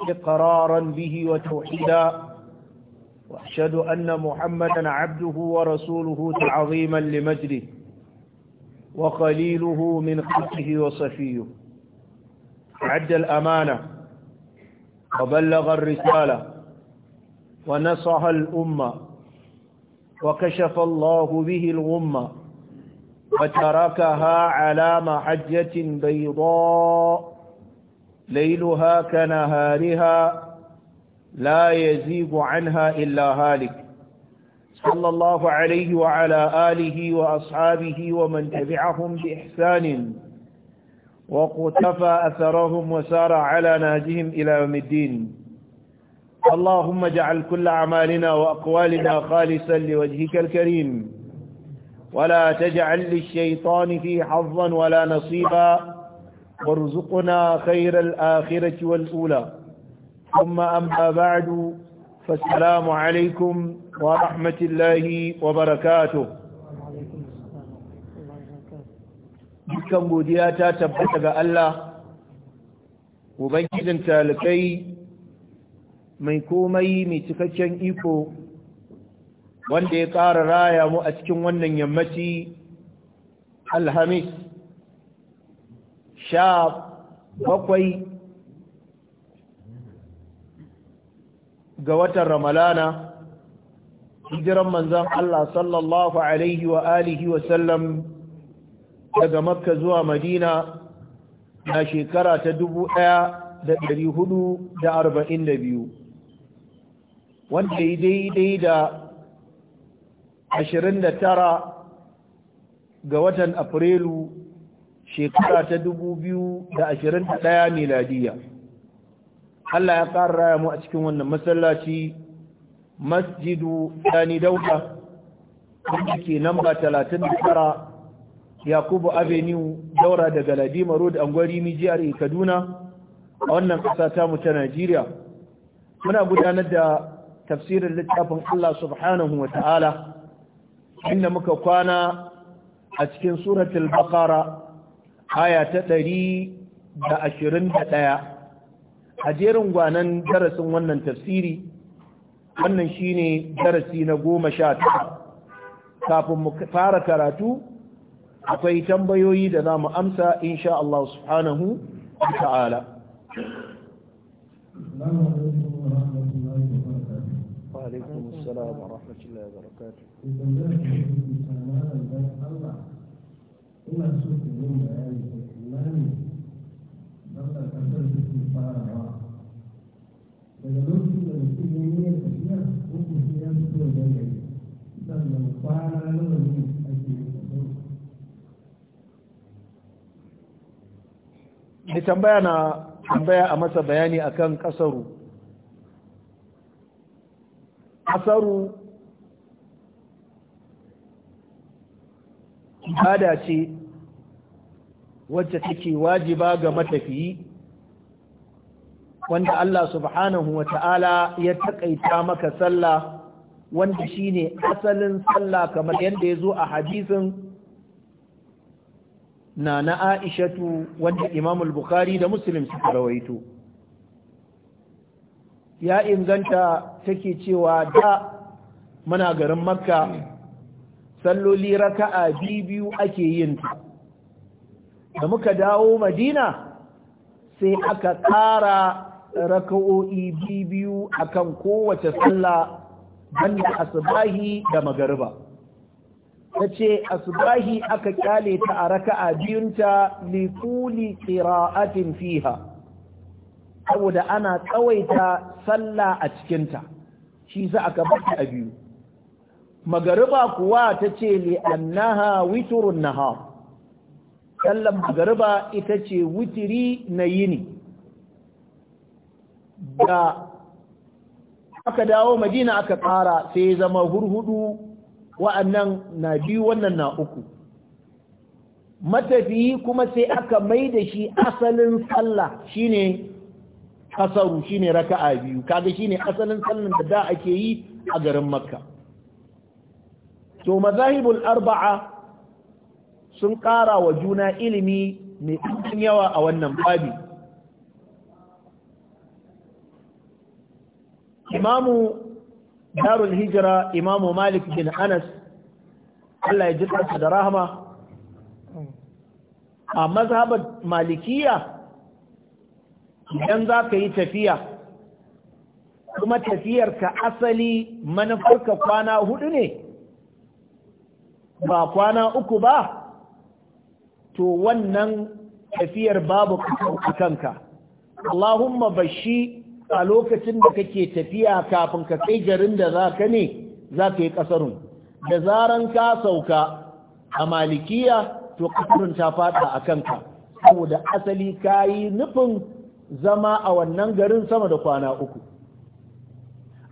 إقرارا به وتوحيدا وأشهد أن محمدا عبده ورسوله تعظيما لمجده وقليله من خلقه وصفيه عد الأمانة وبلغ الرسالة ونصح الأمة وكشف الله به الغمة وتركها على محجة بيضاء ليلها كنهارها لا يزيغ عنها إلا هالك صلى الله عليه وعلى آله وأصحابه ومن تبعهم بإحسان وقتفى أثرهم وسار على ناجهم إلى يوم الدين اللهم اجعل كل أعمالنا وأقوالنا خالصا لوجهك الكريم ولا تجعل للشيطان فيه حظا ولا نصيبا وارزقنا خير الآخرة والأولى ثم أما بعد فالسلام عليكم ورحمة الله وبركاته dukkan godiya ta tabbata ga Allah ubangijin talikai mai komai mai cikakken iko wanda ya ƙara raya mu a cikin wannan yammaci alhamis sha bakwai ga watan ramalana hijiran manzan Allah sallallahu alaihi wa alihi daga makka zuwa madina na shekara ta dubu ɗaya da ɗari da arba'in da biyu wanda ya daidai da ashirin da tara ga watan afrilu shekara ta 2021 miladiya Allah ya ƙara raya mu a cikin wannan masallaci masjidu Sani Dauda wanda ke da 39 Yakubu Avenue daura daga Ladima Road Angwari Mijiyar Kaduna a wannan ƙasa ta mu ta Najeriya muna gudanar da tafsirin littafin Allah subhanahu wa ta'ala inda muka kwana a cikin suratul baqara aya ta ɗari da ashirin da ɗaya a jerin gwanan darasin wannan tafsiri wannan shine darasi na goma sha tara kafin mu fara karatu akwai tambayoyi da za mu amsa insha Allah subhanahu wa ta'ala وعليكم السلام ورحمة الله وبركاته. wajen gari tambaya na tambaya a masa bayani akan kasaru kasaru ibada ce wacce take wajiba ga matafiyi wanda Allah subhanahu wa ta'ala ya taƙaita maka sallah wanda shine asalin sallah kamar yadda ya zo a hadisin na na aishatu wanda imamul bukhari da muslim suka rawaito ya inganta take cewa da muna garin makka salloli raka'a biyu ake yin ta da muka dawo madina sai aka ƙara raka'o'i biyu akan kowace sallah banda asbahi da magariba ta ce asbahi aka kyale ta a raka'a biyunta likuli qira'atin fiha saboda ana tsawaita sallah a cikin ta shi za aka bata a biyu magariba kuwa tace ce li'annaha witrun nahar sallan magariba ita ce witiri na yini da aka dawo madina aka ƙara sai zama hurhudu wa'annan na biyu wannan na uku matafiyi kuma sai aka mai da shi asalin sallah shine kasaru shine raka'a biyu kaga shine asalin sallan da da ake yi a garin makka to mazahibul arba'a sun ƙara wa juna ilimi mai yawa a wannan babi imamu darul hijira imamu malik bin anas Allah ya ji da rahama a mazhabar malikiya idan za ka yi tafiya kuma tafiyarka asali manufarka kwana hudu ne ba kwana uku ba to wannan tafiyar babu kanka Allahumma bashi a lokacin da kake tafiya kafin ka kai garin da za ka ne za ka yi ƙasarun da zaran ka sauka a malikiya to ƙasarun ta fada a kanka saboda asali ka yi nufin zama a wannan garin sama da kwana uku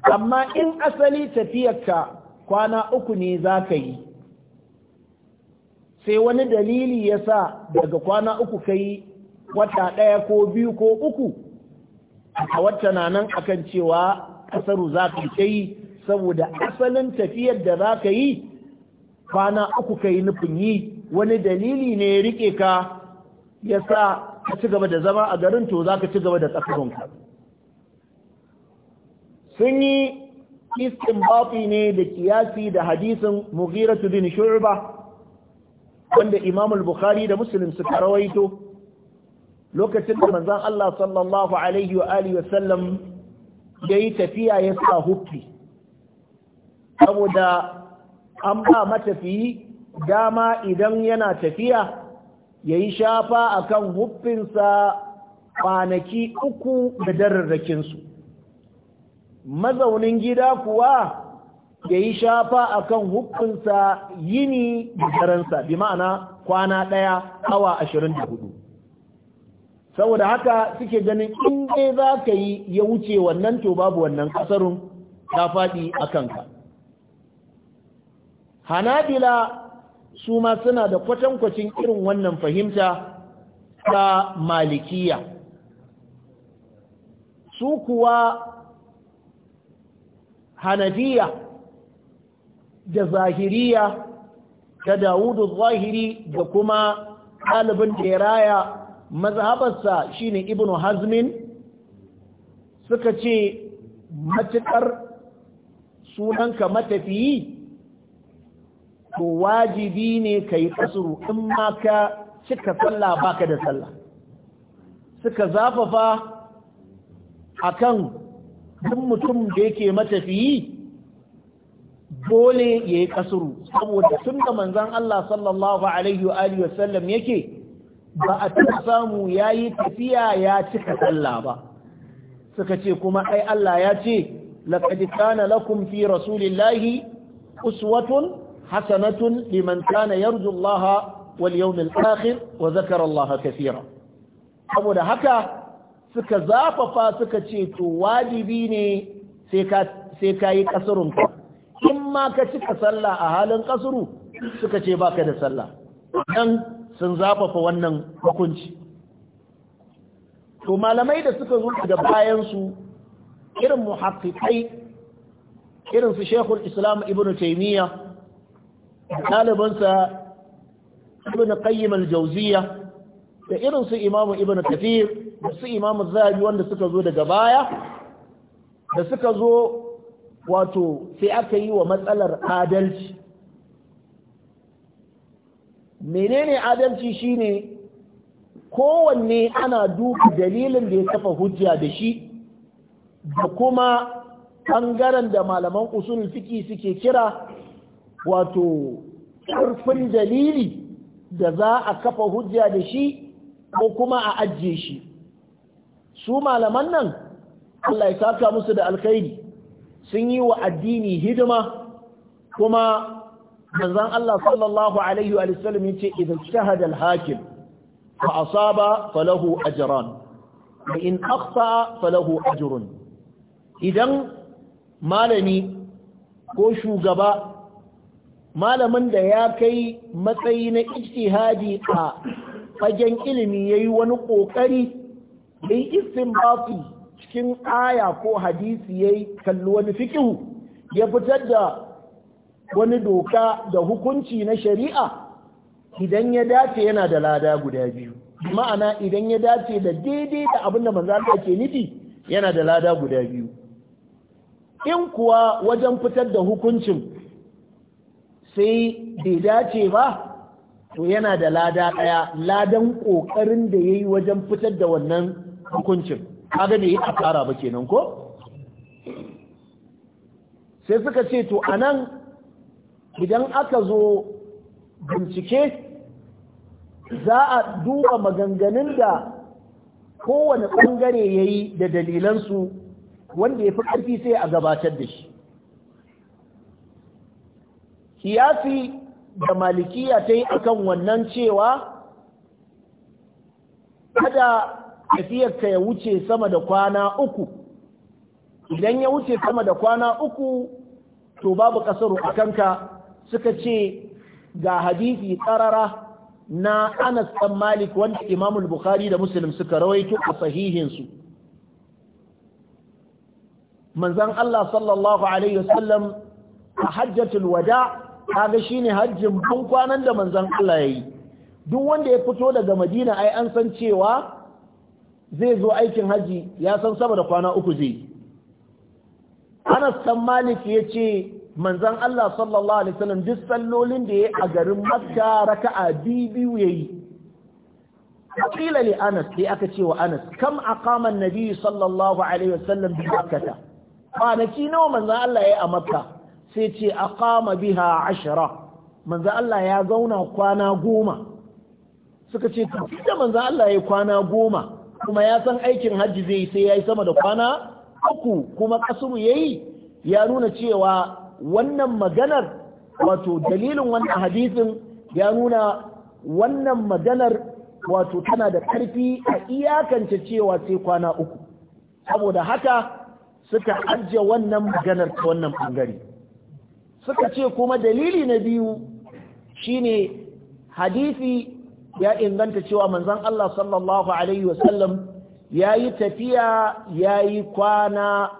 amma in asali tafiyarka kwana uku ne za ka yi sai wani dalili ya sa daga kwana uku ka yi wata ɗaya ko biyu ko uku a wacce na nan akan cewa kasaru za ka ta yi saboda asalin tafiyar da za ka yi kwana uku ka yi nufin yi wani dalili ne ya rike ka ya sa ka ci gaba da zama a garin to za ka ci gaba da tsakarinka sun yi bafi ne da kiyasi da hadisin Mugiratu bin shu'ba wanda Imamul bukhari da muslim suka rawaito lokacin da manzon Allah sallallahu alaihi wa alihi wasallam yayi tafiya ya sa huffi saboda an ba matafiyi dama idan yana tafiya yayi shafa akan huffinsa kwanaki uku da dararrakinsu mazaunin gida kuwa yayi shafa akan kan yini da daransa bi ma'ana kwana ɗaya awa ashirin da hudu saboda haka suke ganin in dai za ka yi ya wuce wannan to babu wannan kasarun ta faɗi a kanka hanabila su ma suna da kwatankwacin irin wannan fahimta ta malikiya su kuwa hanafiya da zahiriya da dawudu zahiri da kuma ɗalibin da ya raya mazhabarsa shine ibnu hazmin suka ce matuƙar sunanka matafiyi to wajibi ne ka yi kasuru in ma ka cika sallah baka da salla suka zafafa akan duk mutum da yake matafiyi dole ya yi kasuru saboda tun da manzan Allah sallallahu alaihi wa sallam yake ba a taɓa samu ya yi tafiya ya cika sallah ba suka ce kuma ai Allah ya ce laqad kana lakum fi rasulillahi uswatun hasanatun liman kana yarju Allah wal yawmil akhir wa zakara Allah kaseera saboda haka suka zafafa suka ce to wajibi ne sai ka sai ka yi in ma ka cika sallah a halin kasuru suka ce baka da sallah dan sun zafafa wannan hukunci to malamai da suka zo da bayansu irin muhaqqiqai irin su Sheikhul Islam Ibn Taymiyyah ɗalibansa Ibn Qayyim al-Jawziyya da irin su Imam Ibn Kathir da su Imam Zahabi wanda suka zo daga baya da suka zo wato sai aka yi wa matsalar adalci menene adalci shine kowanne ana duka dalilin da ya kafa hujja da shi da kuma ɓangaren da malaman usulul fiki suke kira wato ƙarfin dalili da za a kafa hujja da shi ko kuma a ajiye shi su malaman nan Allah ya saka musu da alkhairi sun yi wa addini hidima kuma manzon Allah sallallahu alaihi wa sallam yace idan shahada al-hakim fa asaba falahu ajran wa in akhta falahu ajrun idan malami ko shugaba malamin da ya kai matsayi na ijtihadi a fagen ilimi yayi wani kokari yayi istinbati cikin aya ko hadisi yayi kallo wani fikihu ya fitar da wani doka da hukunci na shari'a idan ya dace yana da lada guda biyu ma'ana idan ya dace da daidai da abinda da manzo Allah ke nufi yana da lada guda biyu in kuwa wajen fitar da hukuncin sai bai dace ba to yana da lada ɗaya ladan ƙoƙarin da ya yi wajen fitar da wannan hukuncin kaga ya yi tsara ba kenan ko sai suka ce to anan idan aka zo bincike za a duba maganganun da kowane ɓangare ya yi da dalilansu wanda ya fi ƙarfi sai a gabatar da shi kiyasi da malikiya ta yi akan wannan cewa kada tafiyarka ya wuce sama da kwana uku idan ya wuce sama da kwana uku to babu ƙasar a kanka suka ce ga hadisi tsarara na Anas ɗan Malik wanda Imam Bukhari da Muslim suka rawaito a sahihinsu. Manzon Allah sallallahu alaihi wasallam a hajjatul wada kaga shine hajjin bun kwanan da manzon Allah yayi. Duk wanda ya fito daga Madina ai an san cewa zai zo aikin hajji. ya san sama da kwana uku zai. Anas ɗan Malik ya ce manzan Allah sallallahu alaihi wasallam duk sallolin da ya a garin Makka raka'a biyu yayi qila li Anas sai aka ce wa Anas kam a an-nabi sallallahu alaihi wasallam bi Makkah kwanaki nawa manzan Allah ya a Makka sai ce kama biha ashira manzan Allah ya zauna kwana goma suka ce da manzan Allah ya kwana goma kuma ya san aikin hajji zai sai ya yi sama da kwana uku kuma kasuru yayi ya nuna cewa wannan maganar wato dalilin wannan hadisin ya nuna wannan maganar wato tana da ƙarfi a iyakance cewa sai kwana uku saboda haka suka ajiye wannan maganar ta wannan bangare suka ce kuma dalili na biyu shine hadisi ya inganta cewa manzon Allah sallallahu alaihi wasallam yayi tafiya yayi kwana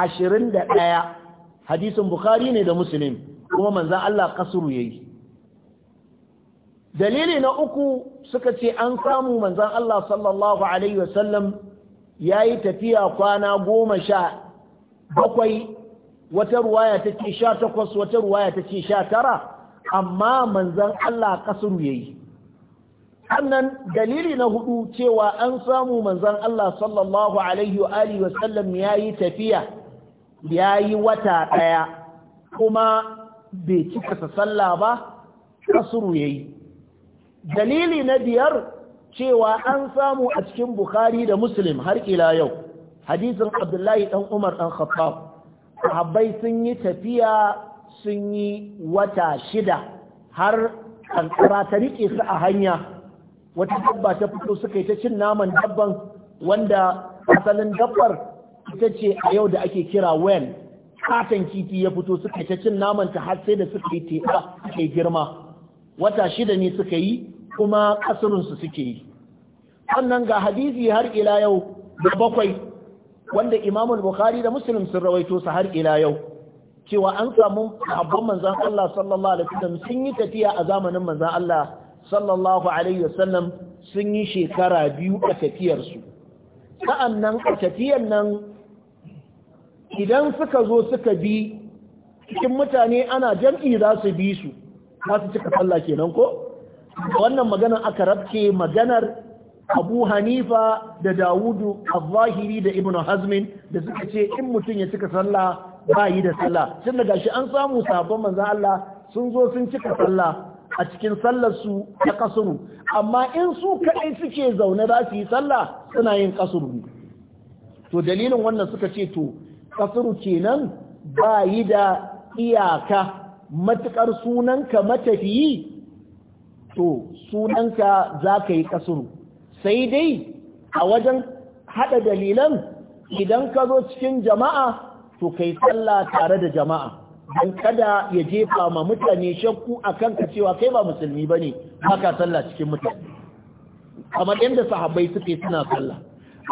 ashirin da ɗaya hadisin bukhari ne da muslim kuma manzan Allah kasuru yi. dalili na uku suka ce an samu manzan Allah sallallahu alaihi wasallam ya yi tafiya kwana goma sha bakwai wata ruwaya ta ce sha takwas wata ruwaya ta ce sha tara amma manzan Allah kasuru yayi sannan dalili na hudu cewa an samu manzan Allah sallallahu alaihi wa alihi ya yi tafiya ya yi wata ɗaya kuma bai cikasa sallah ba kasuru ya yi dalili na biyar cewa an samu a cikin bukhari da muslim har ila yau hadisin abdullahi ɗan umar ɗan khattab sahabbai sun yi tafiya sun yi wata shida har kankara ta riƙe su a hanya wata dabba ta fito suka yi ta cin naman dabban wanda asalin dabbar ita ce a yau da ake kira wen katon kifi ya fito suka ta cin namanta har sai da suka yi teɓa suka yi girma wata shida ne suka yi kuma kasurinsu suke yi Wannan ga hadisi har ila yau da bakwai wanda imamul bukhari da muslim sun rawaito su har ila yau cewa an samu abban manzan Allah sallallahu alaihi wasallam sun yi tafiya a zamanin manzan Allah sallallahu alaihi wasallam sun yi shekara biyu a tafiyarsu sa'annan a tafiyar nan idan suka zo suka bi cikin mutane ana jam'i za su bi su za su cika sallah kenan ko wannan magana aka rabke maganar abu hanifa da dawudu al-zahiri da ibn hazmin da suka ce in mutum ya cika sallah ba yi da sallah tun daga shi an samu sabon manzan Allah sun zo sun cika sallah a cikin sallar su ta kasuru amma in su kaɗai suke zaune za su yi sallah suna yin kasuru to dalilin wannan suka ce to kasuru kenan ba yi da iyaka matukar sunanka matafiyi to sunanka za ka yi kasuru sai dai a wajen hada dalilan idan ka zo cikin jama'a to kai sallah tare da jama'a don kada ya jefa ma mutane shakku a kanka cewa kai ba musulmi ba ne ba ka sallah cikin mutane kamar yadda sahabbai suke suna sallah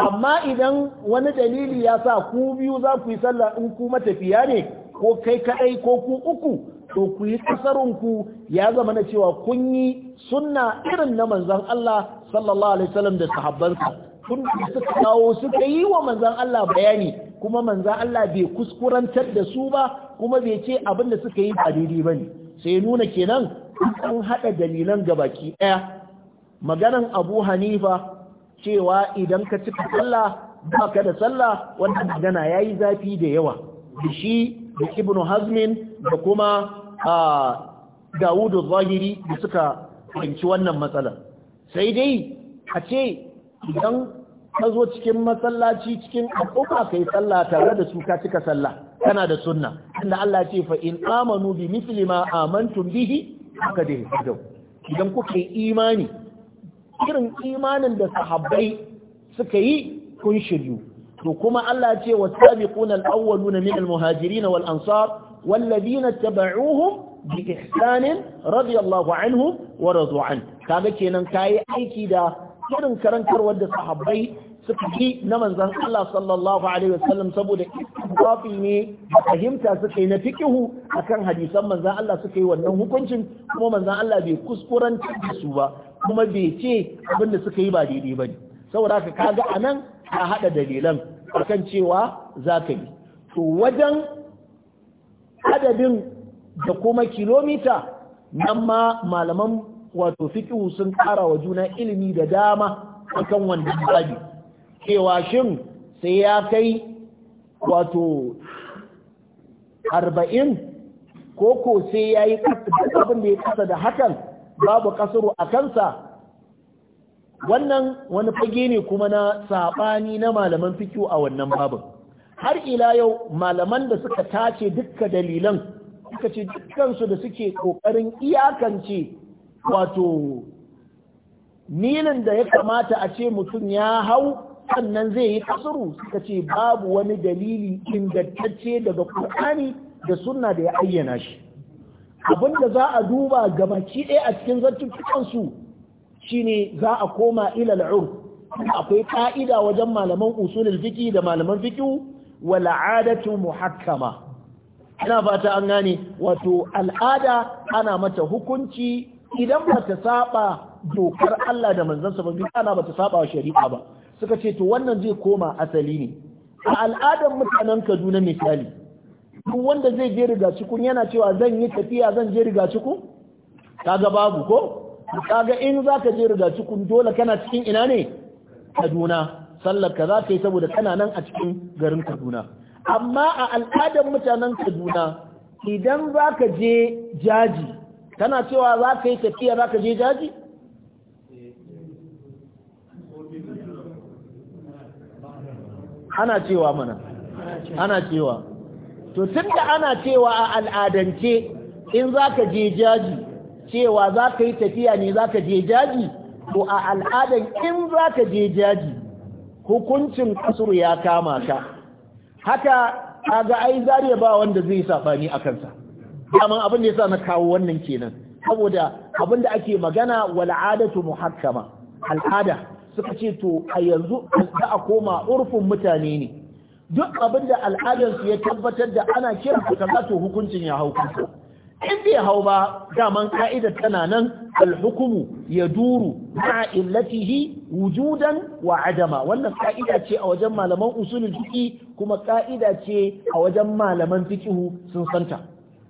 amma idan wani dalili ya sa ku biyu za ku yi sallah in ku matafiya ne ko kai kaɗai ko ku uku to ku yi tsarinku ya zama na cewa kun yi sunna irin na manzan Allah sallallahu alaihi wasallam da sahabbansa tun suka kawo suka yi wa manzan Allah bayani kuma manzan Allah bai kuskurantar da su ba kuma bai ce abin da suka yi ba daidai bane sai nuna kenan an haɗa dalilan gabaki ɗaya maganan Abu Hanifa cewa idan ka cika sallah ba ka da sallah wanda magana ya yi zafi da yawa da shi da Ibn hazmin da kuma dawudu zahiri da suka fahimci wannan matsala sai dai a ce idan ka zo cikin masallaci cikin al'umma kai sallah tare da su ka cika sallah kana da sunna inda Allah ce fa in amanu bi Mislima ma amantum bihi haka dai idan kuka yi imani irin imanin da sahabbai suka yi kun shiryu to kuma Allah ce wasabiquna al-awwaluna min al-muhajirin wal ansar والذين اتبعوهم بإحسان radiyallahu الله عنهم ورضوا عنه kaga kenan kayi aiki da irin karantar wadda sahabbai suka yi na manzon Allah sallallahu alaihi wasallam saboda kafi ne fahimta suka yi na fikihu akan hadisan manzon Allah suka yi wannan hukuncin kuma manzon Allah bai kuskuranci da su ba kuma bai ce abin da suka yi ba daidai ba ne saboda ka kaga a nan ka haɗa dalilan akan cewa za ka yi to wajen adadin da kuma kilomita nan ma malaman wato fikihu sun ƙara wa juna ilimi da dama akan wannan babi cewa shin sai ya kai wato arba'in ko ko sai ya yi ƙasa ya kasa da hakan babu kasuru a kansa wannan wani fage ne kuma na saɓani na malaman fikiyo a wannan babin har ila yau malaman da suka tace dukkan dalilan suka ce dukkansu da suke ƙoƙarin iyakance wato nilin da ya kamata a ce mutum ya hau sannan zai yi kasuru suka ce babu wani dalili ingantacce daga Kur'ani da sunna da ya ayyana shi abinda za a duba gabaki ɗaya a cikin zartuttukansu shine za a koma ila al'ur akwai ka'ida wajen malaman usulul fiqi da malaman fiqi wal adatu muhakkama ina fata an gane wato al'ada ana mata hukunci idan ba ta saba dokar Allah da manzansa ba ana ba ta saba wa shari'a ba suka ce to wannan zai koma asali ne a al'adar mutanen Kaduna misali duk wanda zai je riga cikun yana cewa zan yi tafiya zan je riga cikun kaga babu ko kaga in zaka je riga cikin dole kana cikin ina ne Kaduna sallar ka za ka yi saboda kana nan a cikin garin Kaduna amma a al'adar mutanen Kaduna idan ka je jaji kana cewa za ka yi tafiya za ka je jaji ana cewa mana ana cewa to tun da ana cewa a al'adance in za ka je jaji cewa za ka yi tafiya ne za ka je jaji to a al'adar in za ka je jaji hukuncin kasur ya kama ka haka a ga ai zariya ba wanda zai safani a kansa amma abin da ya sa na kawo wannan kenan saboda abin da ake magana wal adatu muhakkama al'ada suka ce to a yanzu za a koma urfin mutane ne duk abin da al'adarsu ya tabbatar da ana kiran kaza to hukuncin ya hau kansa in bai hau ba daman ka'idar tana nan alhukumu ya duru ma illatihi wujudan wa adama wannan ka'ida ce a wajen malaman usulul fiqi kuma ka'ida ce a wajen malaman fiqihu sun santa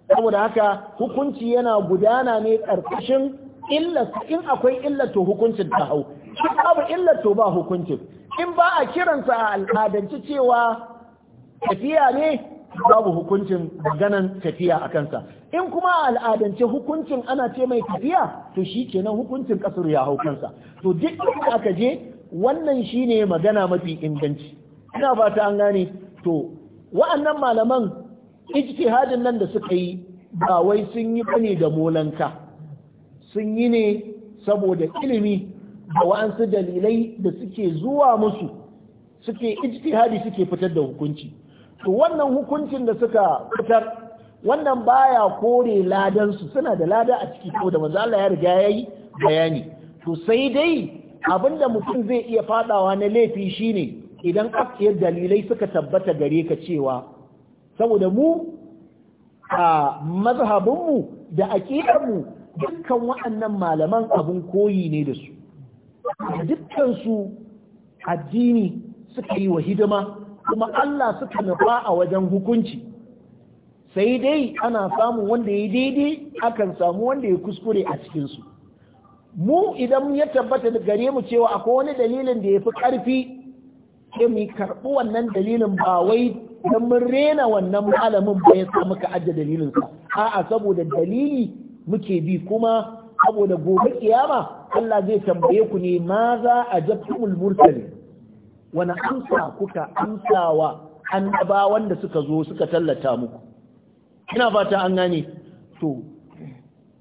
saboda haka hukunci yana gudana ne karkashin illa in akwai illato hukuncin ta hau in babu illato ba hukuncin in ba a kiransa a al'adance cewa tafiya ne babu hukuncin maganan tafiya a kansa in kuma a al'adance hukuncin ana ce mai tafiya to shi kenan hukuncin kasar ya hau kansa to duk inda aka je wannan shi ne magana mafi inganci ina fata an gane to wa'annan malaman ijtihadin nan da suka yi ba wai sun yi bane da molanka sun yi ne saboda ilimi da wa'ansu dalilai da suke zuwa musu suke ijtihadi suke fitar da hukunci to wannan hukuncin da suka fitar wannan baya kore ladan su suna da lada a ciki ko da manzo Allah ya riga yayi bayani to sai dai abinda mutum zai iya fadawa na laifi shine idan akiyar dalilai suka tabbata gare ka cewa saboda mu a mazhabinmu da mu dukkan waɗannan malaman abun koyi ne da su dukkansu addini suka yi wa hidima kuma Allah suka nufa a wajen hukunci sai dai ana samun wanda ya daidai akan samu wanda ya kuskure a cikinsu mu idan ya tabbata gare mu cewa akwai wani dalilin da ya fi ƙarfi sai mu karɓi wannan dalilin ba wai don mun rena wannan malamin ba ya sa muka ajiye dalilin sa a'a saboda dalili muke bi kuma saboda gobe kiyama Allah zai tambaye ku ne ma za a jabtumul mursali wani amsa kuka amsawa annabawan da suka zo suka tallata muku ina fata an gane to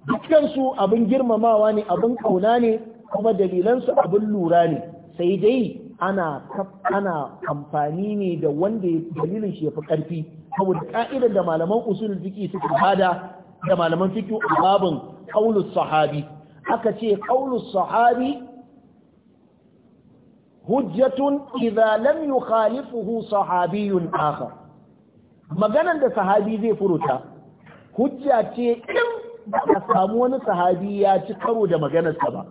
dukkansu abin girmamawa ne abin kauna ne kuma dalilansu abin lura ne sai dai ana ana amfani ne da wanda dalilin shi ya fi ƙarfi saboda ka'idar da malaman usul fiki suka bada da malaman fiki babin qaulus sahabi aka ce qaulus sahabi hujjatun idza lam yukhalifuhu sahabiyyun akhar maganan da sahabi zai furuta hujja ce in ba samu wani sahabi ya ci karo da maganarsa ba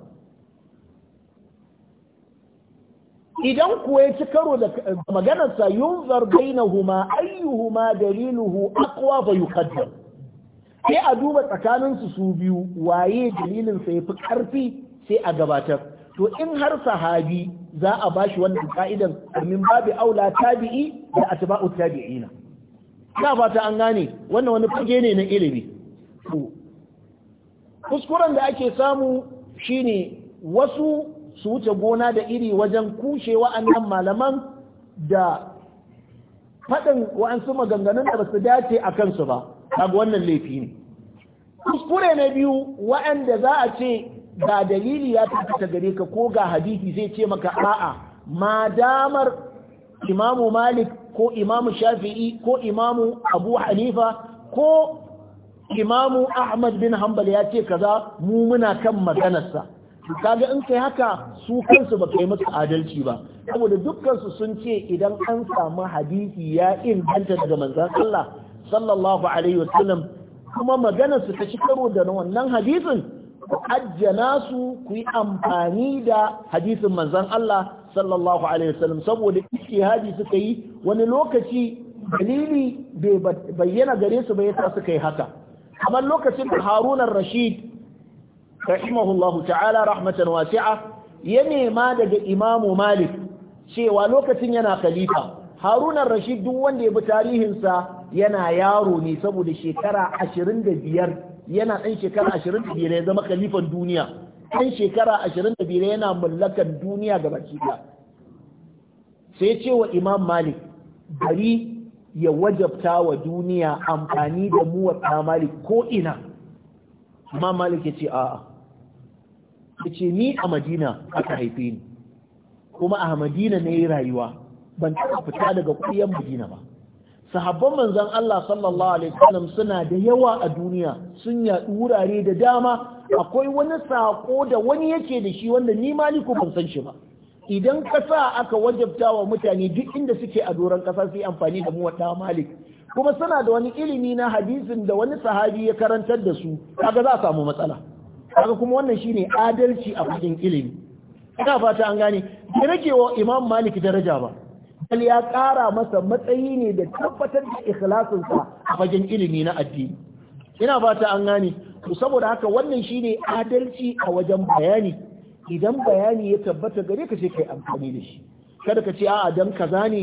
idan kuwa ya ci karo da maganarsa yunzar bainahuma ayyuhuma daliluhu ba yi yuqaddam sai a duba tsakaninsu su biyu waye dalilinsa sa fi ƙarfi sai a gabatar to in har sahabi za a bashi wannan ka'idan domin babu aula tabi'i da atba'u tabi'ina a fata an gane wannan wani fage ne na ilimi kuskuren da ake samu shine wasu su wuce gona da iri wajen kushe wa'annan malaman da faɗin wa'ansu maganganun da basu dace a kansu ba kaga wannan laifi ne kuskure na biyu wa'anda za a ce ga dalili ya tafi ta gare ka ko ga hadisi zai ce maka a'a ma damar imamu malik ko imamu shafi'i ko imamu abu hanifa ko imamu ahmad bin hanbal ya ce kaza mu muna kan maganarsa kaga in kai haka su kansu ba kai musu adalci ba saboda dukkansu sun ce idan an samu hadisi ya inganta daga manzon Allah sallallahu alaihi wasallam kuma maganarsu ta ci karo da wannan hadisin ajjana su ku yi amfani da hadisin manzon Allah sallallahu alaihi wasallam saboda ijtihadi suka yi wani lokaci dalili bai bayyana gare su bai yasa suka yi haka kamar lokacin da Harun rashid rahimahullahu ta'ala rahmatan wasi'a ya nema daga Imam Malik cewa lokacin yana khalifa Harun rashid duk wanda ya bi tarihinsa yana yaro ne saboda shekara 25 yana ɗan shekara 25 ya zama khalifan duniya ɗan shekara ashirin da biyar yana mallakar duniya ga baki ɗaya sai ce wa imam malik bari ya wajabta wa duniya amfani da muwar malik ko ina imam malik ya ce a'a ya ce ni a madina aka haife ni kuma a madina ne yi rayuwa ban taɓa fita daga kuɗiyan madina ba sahabban manzon Allah sallallahu alaihi wasallam suna da yawa a duniya sun yaɗu wurare da dama akwai wani sako da wani yake da shi wanda ni maliku ban san shi ba idan kasa aka wajabta wa mutane duk inda suke a doron kasa sai amfani da muwadda malik kuma suna da wani ilimi na hadisin da wani sahabi ya karantar da su kaga za a samu matsala kaga kuma wannan shine adalci a cikin ilimi ina fata an gane bai rage wa imam malik daraja ba bal ya kara masa matsayi ne da tabbatar da ikhlasinsa a fagen ilimi na addini ina fata an gane to saboda haka wannan shine adalci a wajen bayani idan bayani ya tabbata gare ka ce kai amfani da shi kada ka ce a'a dan kaza ne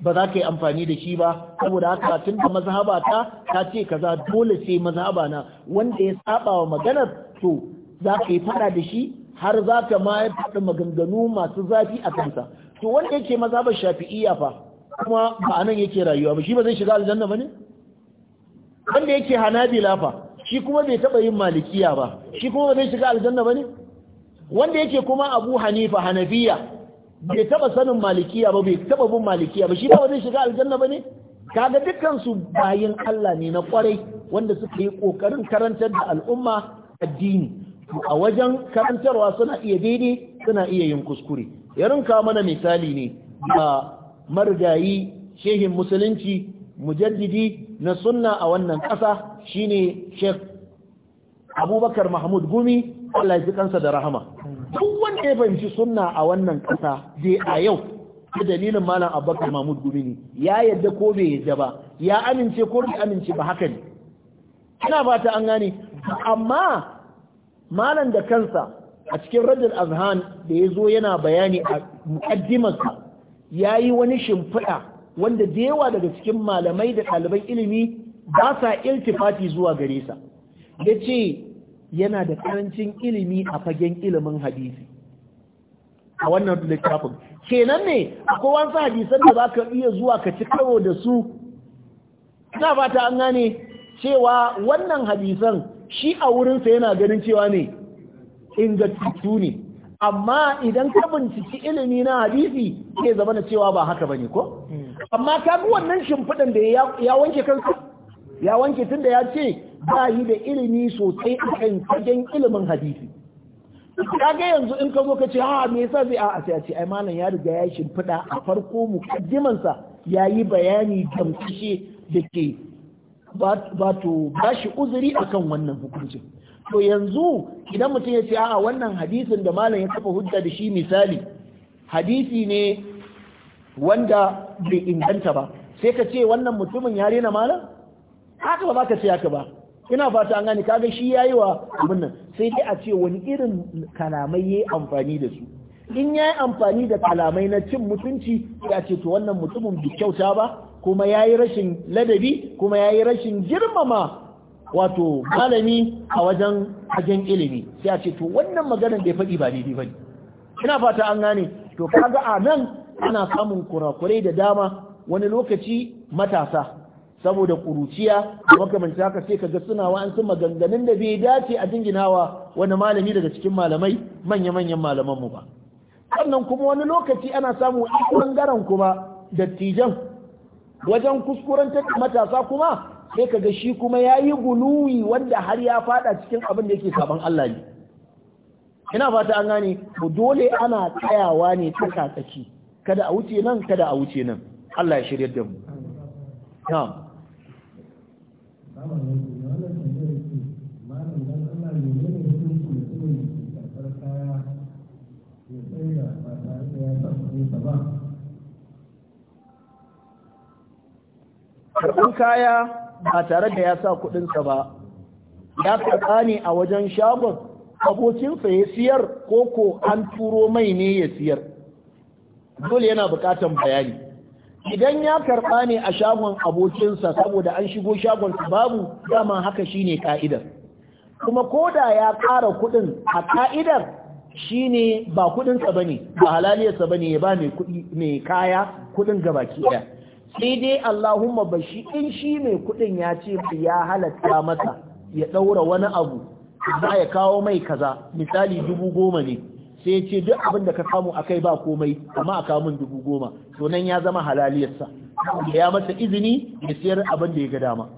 ba za ka yi amfani da shi ba saboda haka tun da mazhaba ta ta ce kaza dole sai mazhaba na wanda ya saba wa maganar to za ka yi fada da shi har za ka ma ya faɗi maganganu masu zafi a kansa to wanda yake mazhabar shafi'iyya fa kuma ba anan yake rayuwa ba shi ba zai shiga aljanna ba ne wanda yake hanabila fa shi kuma bai taba yin malikiya ba shi kuma bai shiga aljanna bane wanda yake kuma Abu Hanifa Hanafiya bai taba sanin malikiya ba bai taba bin malikiya ba shi ba zai shiga aljanna bane kaga dukkan su bayin Allah ne na kwarai wanda suka yi kokarin karantar da al'umma addini a wajen karantarwa suna iya daidai suna iya yin kuskure ya rinka mana misali ne da marigayi shehin musulunci mujaddidi na sunna a wannan ƙasa shine Sheikh Abubakar Mahmud Gumi Allah ya ji kansa da rahama duk wanda ya fahimci sunna a wannan ƙasa dai a yau da dalilin malam Abubakar Mahmud Gumi ne ya yadda ko bai yadda ba ya amince ko bai amince ba haka ne ina fata an gane amma malam da kansa a cikin rajul azhan da ya zo yana bayani a mukaddimarsa ya yi wani shimfiɗa wanda da yawa daga cikin malamai da ɗaliban ilimi ba sa iltifati zuwa gare sa ya ce yana da ƙarancin ilimi a fagen ilimin hadisi a wannan littafin kenan ne akwai wasu hadisan da za ka iya zuwa ka ci karo da su ina fata an gane cewa wannan hadisan shi a wurinsa yana ganin cewa ne ingantattu ne amma idan ka binciki ilimi na hadisi ke zama na cewa ba haka bane ko amma ka ga wannan shimfiɗan da ya wanke kansa ya wanke tun da ya ce ba yi da ilimi sosai a kan fagen ilimin hadisi ka ga yanzu in ka zo ka ce ha ah, me yasa zai a a ce ai malam ya riga ya shimfiɗa a farko mukaddimansa ya yi bayani gamsashe da ke ba to ba shi uzuri akan wannan hukuncin to yanzu idan mutum ya ce a'a wannan hadisin da malam ya kafa hujja da shi misali hadisi ne wanda bai inganta ba sai ka ce wannan mutumin ya rena malam haka ba za ka ce haka ba ina fata an gane kaga shi yayi wa abin nan sai dai a ce wani irin kalamai yayi amfani da su in yi amfani da kalamai na cin mutunci a ce to wannan mutumin bi kyauta ba kuma yayi rashin ladabi kuma yayi rashin girmama wato malami a wajen hagen ilimi sai a ce to wannan maganar da ya faɗi ba daidai ba ne. ina fata an gane to kaga a nan ana samun kurakurai da dama wani lokaci matasa saboda kuruciya da makamanci haka sai kaga suna wa'ansu maganganun da bai dace a jinginawa wani malami daga cikin malamai manya-manyan malaman mu ba sannan kuma wani lokaci ana samu a ɓangaren kuma dattijan wajen kuskurantar matasa kuma sai ga shi kuma ya yi guluwi wanda har ya fada cikin abin da yake saban Allah ne ina fata an gane to dole ana tsayawa ne ta tsaki kada a wuce nan kada a wuce nan Allah ya shirya da mu na'am karɓar kaya ba tare da ya sa kuɗinsa ba ya karɓa ne a wajen shagon abokinsa ya siyar ko ko an turo mai ne ya siyar dole yana buƙatan bayani idan ya karɓa ne a shagon abokinsa saboda an shigo shagon babu dama haka shine ka'idar kuma ko da ya ƙara kuɗin a ka'idar shine ba kuɗinsa bane ba halaliyarsa bane ya ba mai kaya kuɗin gabaki ɗaya sai dai Allahumma shi in shi mai kuɗin ya ce ya halatta masa ya ɗaura wani abu za ya kawo mai kaza misali dubu goma ne sai ya ce duk abin da ka samu a kai ba komai amma a kamun dubu goma to ya zama halaliyarsa ya masa izini ya siyar abin da ya ga dama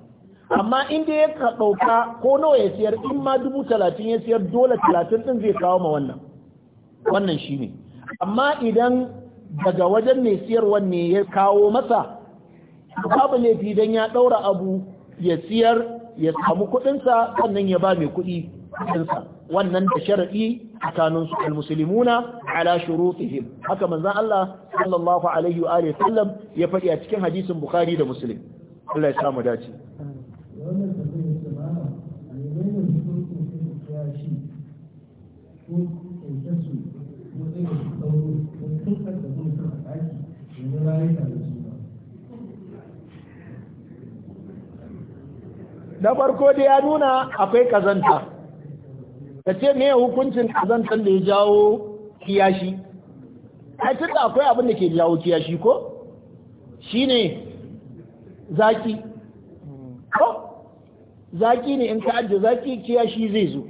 amma inda ya ka ɗauka ko nawa ya siyar in ma dubu talatin ya siyar dole talatin ɗin zai kawo ma wannan wannan shi ne amma idan daga wajen mai siyarwan ne ya kawo masa babu laifi dan ya daura abu ya siyar ya samu kuɗinsa sannan ya ba mai kuɗi kuɗinsa wannan da sharaɗi kanun su al-musulmuna ala shurutihim haka manzan Allah sallallahu alaihi wa alihi sallam ya faɗi a cikin hadisin Bukhari da Muslim Allah ya samu dace Thank you. na farko da ya nuna akwai kazanta ka ce me hukuncin kazantar da ya jawo kiyashi ai cikin akwai abin da ke jawo kiyashi ko Shi ne zaki ko zaki ne in ka ajiye zaki kiyashi zai zo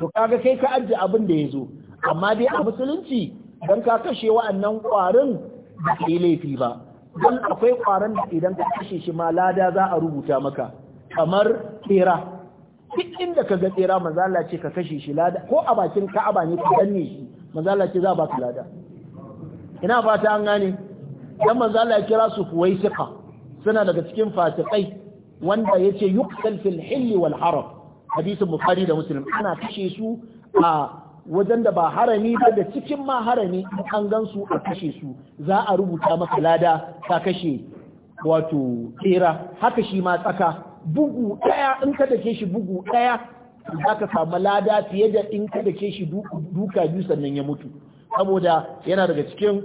to kaga kai ka ajiye abin da ya zo amma dai a musulunci don ka kashe wa'annan kwarin da ka laifi ba don akwai kwarin da idan ka kashe shi ma lada za a rubuta maka kamar tsira duk inda ka ga tsira mazala ce ka kashe shi lada ko a bakin ka'aba ne ka danne shi mazala ce za ba ka lada ina fata an gane dan mazala ya kira su kuwaisiqa suna daga cikin fatikai, wanda yace yuqtal fil hilli wal haram hadisin bukhari da muslim ana kashe su a wajen da ba harami ba da cikin ma harami an gan su a kashe su za a rubuta maka lada ka kashe wato tsira haka shi ma tsaka bugu ɗaya in ka dake shi bugu ɗaya za ka samu lada fiye da in ka dake shi duka biyu sannan ya mutu saboda yana daga cikin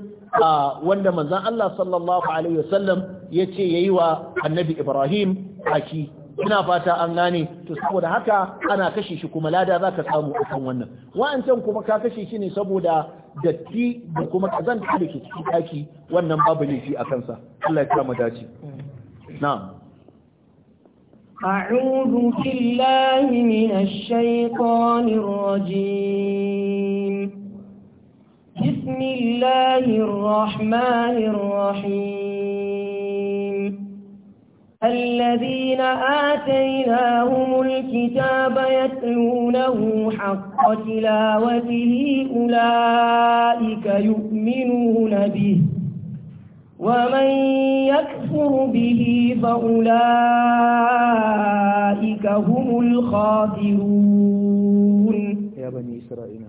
wanda manzan Allah sallallahu alaihi wasallam ya ce ya yi wa annabi Ibrahim haki ina fata an gane to saboda haka ana kashe shi kuma lada za ka samu a kan wannan wa'ancan kuma ka kashe shi ne saboda datti da kuma kazanta da ke ciki ɗaki wannan babu laifi a kansa Allah ya kama dace na'am أعوذ بالله من الشيطان الرجيم بسم الله الرحمن الرحيم الذين آتيناهم الكتاب يتلونه حق تلاوته أولئك يؤمنون به ومن يكفر به فأولئك هم الخاسرون يا بني إسرائيل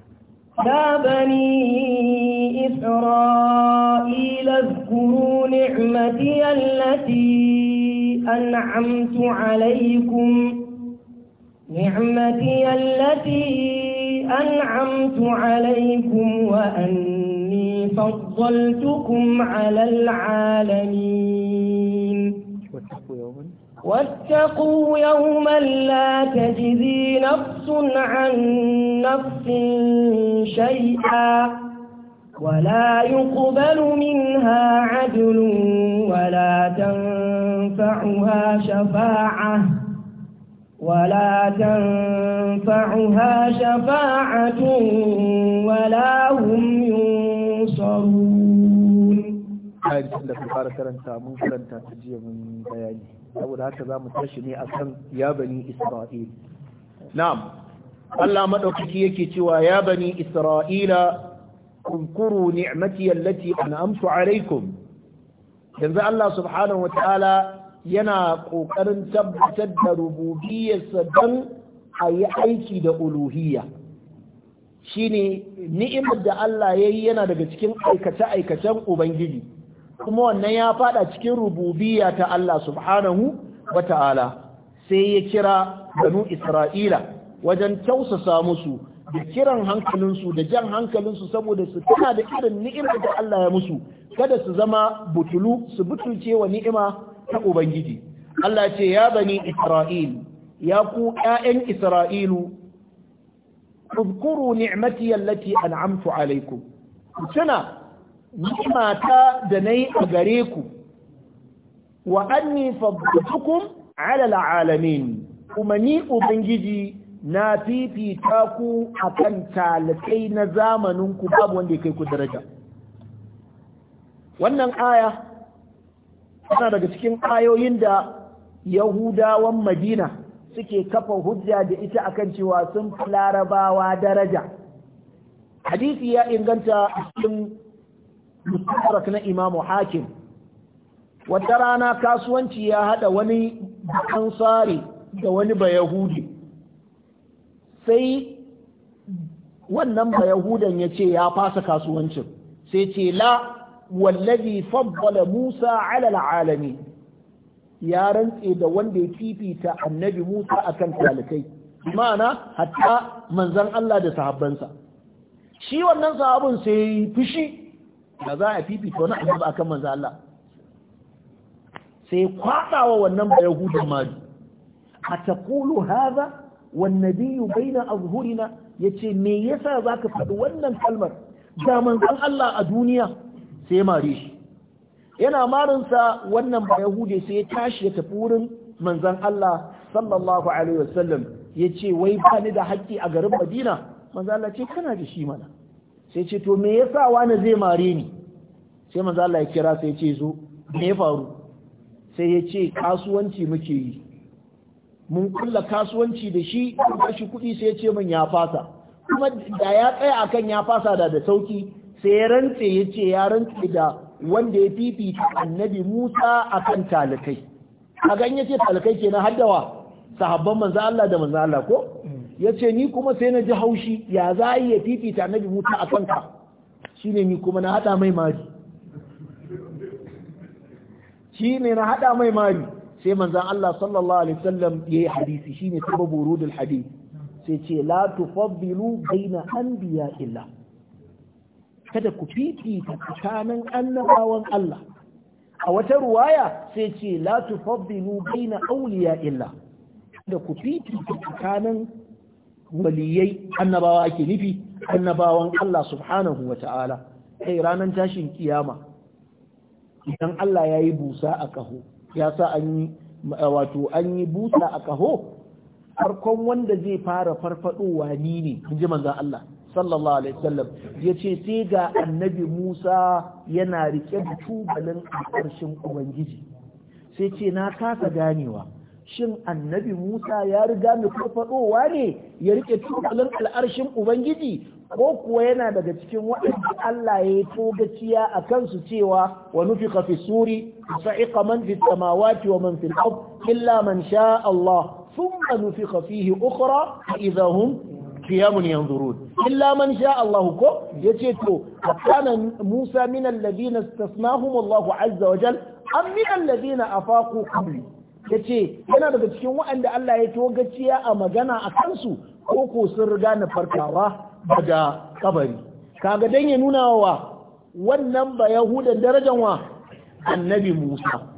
يا بني إسرائيل اذكروا نعمتي التي أنعمت عليكم نعمتي التي أنعمت عليكم وأن الذي فضلتكم على العالمين واتقوا يوما لا تجزي نفس عن نفس شيئا ولا يقبل منها عدل ولا تنفعها شفاعة ولا تنفعها شفاعة ولا يبصرون ayar tun da fara karanta mun karanta ta jiya mun bayani saboda haka zamu mu tashi ne a ya bani isra'il na'am Allah maɗaukaki yake cewa ya bani isra'ila kunkuru ni'mati allati an'amtu alaikum yanzu Allah subhanahu wata'ala yana ƙoƙarin tabbatar da rububiyarsa dan a yi aiki da uluhiyya shine ni'imar da Allah ya yi yana daga cikin aikace-aikacen Ubangiji kuma wannan ya fada cikin rububiya ta Allah subhanahu wa ta'ala sai ya kira ganu Isra'ila wajen tausasa musu da kiran hankalinsu da jan hankalinsu saboda su tana da irin ni'imar da Allah ya musu kada su zama butulu su butulce wa ni'ima ta Ubangiji Allah ce ya bani Isra'il ya ku ‘ya'yan Isra'ilu اذكروا نعمتي التي أنعمت عليكم سنة نعمة دني أغريكم وأني فضلتكم على العالمين ومني أبنجي na fifita ku a kan talakai na ku babu wanda ya kai ku daraja wannan aya tana daga cikin ayoyin da yahudawan madina suke kafa hujja da ita akan cewa sun fi larabawa daraja hadisi ya inganta cikin mustadrak na imamu hakim wata rana kasuwanci ya hada wani ansari da wani bayahudi sai wannan bayahudan ya ce ya fasa kasuwancin sai ce la wallazi faddala musa ala alalami ya rantse da wanda ya fifita annabi Musa akan talikai ma'ana hatta manzan Allah da sahabbansa shi wannan sahabin sai fushi da za a fifita wani annabi akan manzan Allah sai kwaɗawa wannan ba Yahudu mali a taƙulu haza wannabiyu bai na azhurina ya ce me yasa za ka faɗi wannan kalmar da manzan Allah a duniya sai mare shi yana marinsa wannan ba yahude sai ya tashi ya tafi wurin manzon Allah sallallahu alaihi wasallam ya ce wai ba ni da haƙƙi a garin Madina manzon Allah ce kana da shi mana sai ce to me yasa wani zai mare ni sai manzon Allah ya kira sai ya ce zo me ya faru sai ya ce kasuwanci muke yi mun kulla kasuwanci da shi ba shi kuɗi sai ya ce min ya fasa kuma da ya tsaya akan ya fasa da da sauki sai ya rantse ya ce ya rantse da wanda ya fifita annabi Musa akan talikai kaga in yace talikai na haddawa sahabban manzo Allah da manzo Allah ko Ya ce ni kuma sai na ji haushi ya za a ya fifita annabi Musa akan ka ne ni kuma na haɗa mai mari ne na haɗa mai mari sai manzo Allah sallallahu alaihi wasallam ya yi hadisi shi ne sababu rudul hadisi, sai ce la an biya illa. kada ku fifita tsakanin annabawan Allah a wata ruwaya sai ce la tufaddilu baina awliya illa da ku fifita tsakanin waliyai annabawa ake nufi annabawan Allah subhanahu wa ta'ala kai ranar tashin kiyama idan Allah ya yi busa a kaho ya sa an yi wato an yi busa a kaho farkon wanda zai fara farfadowa ni ne in ji manzan Allah sallallahu alaihi wasallam yace sai ga annabi Musa yana rike da tubalin karshen ubangiji sai ce na kasa ganewa shin annabi Musa ya riga mu farfadowa ne ya rike tubalin al'arshin ubangiji ko kuwa yana daga cikin waɗanda Allah ya yi togaciya a kansu cewa wa nufika fi suri sa'iqa man fi samawati wa man fil ard illa man sha Allah thumma nufika fihi ukhra idza hum qiyamun yanzurun illa man sha Allah ko yace to kana Musa min alladhina istasnahum Allah azza wa jal am min alladhina afaqu qabli yace yana daga cikin wanda Allah ya togaciya a magana a kansu ko ko sun riga na farkawa daga kabari kaga dan ya nuna wa wannan ba yahudan darajan wa annabi Musa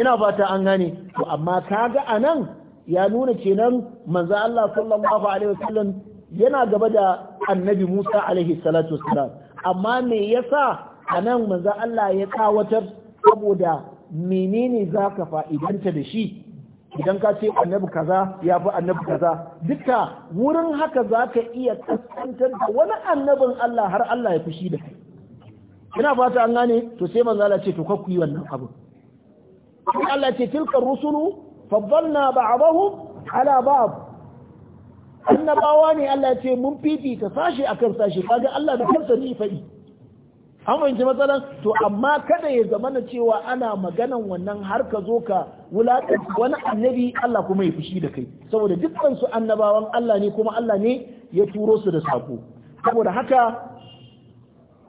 ina fata an gane to amma kaga anan ya nuna kenan manzo Allah sallallahu alaihi wasallam yana gaba da annabi Musa alaihi salatu wassalam amma me yasa anan manzo Allah ya tsawatar saboda menene zaka fa'idanta da shi idan ka ce annabi kaza ya fi annabi kaza duka wurin haka zaka iya kaskantar da wani annabin Allah har Allah ya fushi da kai ina fata an gane to sai manzo Allah ce to kakku yi wannan abu Allah ce tilka rusulu faddalna ba'dahu ala ba'd annabawa ne Allah ya ce mun fifita sashi akan sashi kaga Allah da kansa ne faɗi an fahimci matsalan to amma kada ya zama na cewa ana maganan wannan har ka zo ka wulaƙanta wani annabi Allah kuma ya fushi da kai saboda dukkan annabawan Allah ne kuma Allah ne ya turo su da sako saboda haka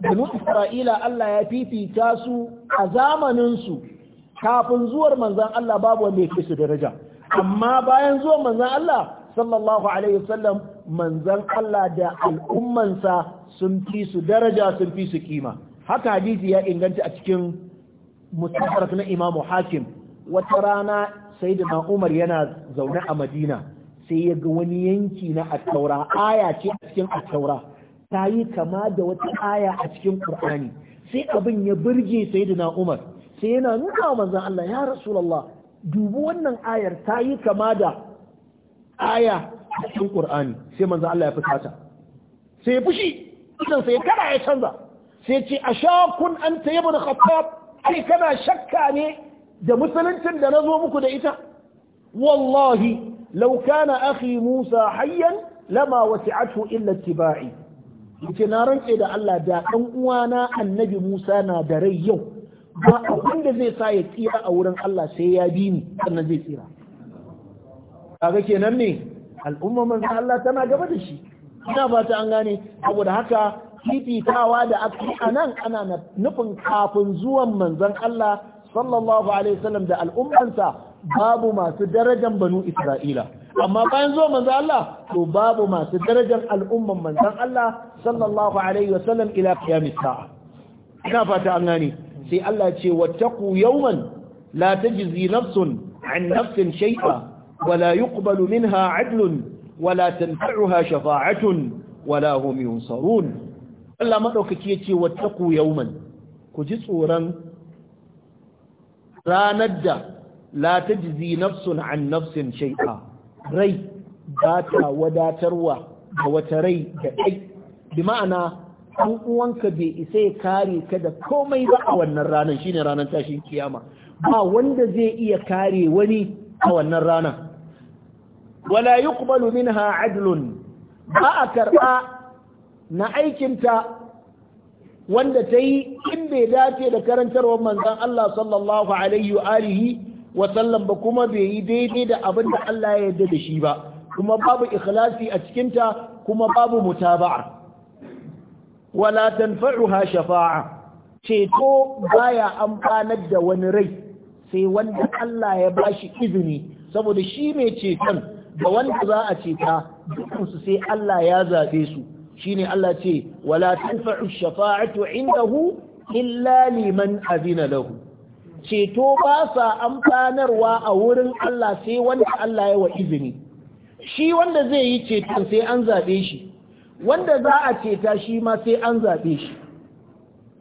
banu isra'ila Allah ya fifita su a zamaninsu kafin zuwar manzon Allah babu wanda ya ke su daraja amma bayan zuwan manzon Allah sallallahu alaihi wasallam manzan Allah da al'ummansa sun fi su daraja sun fi su kima haka hadisi ya inganta a cikin mustadrak na Imam Hakim wata rana sayyidina Umar yana zaune a Madina sai ya ga wani yanki na at aya ce a cikin at ta yi kama da wata aya a cikin Qur'ani sai abin ya burge sayyidina Umar sai yana nuna manzan Allah ya Rasulullah dubu wannan ayar ta yi kama da aya a cikin Qur'ani sai manzo Allah ya sata sai ya fushi idan sai kada ya canza sai ce ashakun anta ibn khattab ai kana shakka ne da musuluncin da nazo muku da ita wallahi law kana akhi Musa hayyan lama wasi'atu illa ittiba'i yace na rantse da Allah da dan uwana annabi Musa na da rai yau ba abin zai sa ya tsira a wurin Allah sai ya bi ni sannan zai tsira kaga kenan ne al'umma manzo Allah tana gaba da shi ina ba ta an gane saboda haka fifitawa da aka a nan ana nufin kafin zuwan manzon Allah sallallahu alaihi wasallam da al'ummansa babu masu darajar banu Isra'ila amma bayan zuwan manzon Allah to babu masu darajar al'umman manzon Allah sallallahu alaihi wasallam ila qiyamis sa'a ina fata an gane sai Allah ce wattaqu yawman la tajzi nafsun an nafsin shay'a Wala ولا يقبل منها عدل ولا تنفعها شفاعة ولا هم ينصرون الله مدوكي يتي واتقوا Ku ji tsoron ranar da la tajzi nafsun an nafsin shay'a rai ba ta wadatarwa da wata rai da kai bi ma'ana an bai isa ya kare ka da komai ba a wannan ranar shine ranar tashin kiyama ba wanda zai iya kare wani a wannan ranar wala yuqbalu minha adlun ba a karɓa na aikinta wanda ta yi in bai dace da karantarwar manzan Allah sallallahu alaihi wa alihi wa sallam ba kuma bai yi daidai da abin da Allah ya yarda da shi ba kuma babu ikhlasi a cikinta kuma babu mutaba'a wala tanfa'uha shafa'a ceto baya amfanar da wani rai sai wanda Allah ya bashi izini saboda shi mai ceton da wanda za a ce ta su sai Allah ya zaɓe su shine Allah ce wala tanfa'u shafa'atu indahu illa liman azina lahu ceto ba sa amfanarwa a wurin Allah sai wanda Allah ya wa izini shi wanda zai yi ceton sai an zaɓe shi wanda za a ceta shi ma sai an zaɓe shi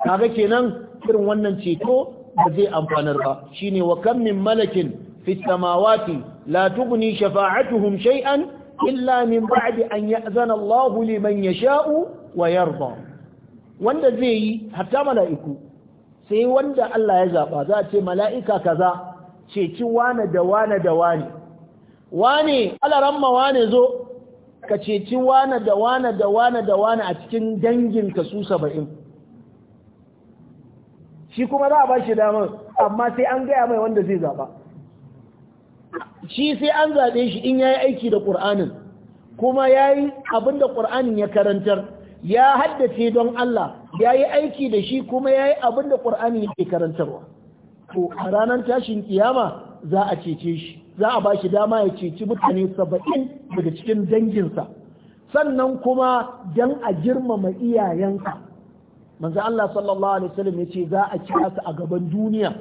kaga kenan irin wannan ceto ba zai amfanar ba shine wa kam min malakin fi samawati la tughni shafa'atuhum shay'an illa min ba'di an ya'zana Allah liman yasha'u wa yarda wanda zai yi hatta mala'iku sai wanda Allah ya zaba za ce mala'ika kaza ceci wane da wane da wane wane alaramma wane zo ka ceci wane da wane da wane da wane a cikin dangin ka su shi kuma za a ba shi damar amma sai an gaya mai wanda zai zaɓa. shi sai an zaɓe shi in ya yi aiki da ƙur'anin kuma ya yi abin da ƙur'anin ya karantar ya haddace don Allah ya yi aiki da shi kuma ya yi abin da ƙur'anin yake karantarwa to a ranar tashin kiyama za a cece shi za a ba shi dama ya ceci mutane saba'in daga cikin danginsa sannan kuma don a girmama iyayenka. manzo Allah sallallahu alaihi wasallam yace za a kira su a gaban duniya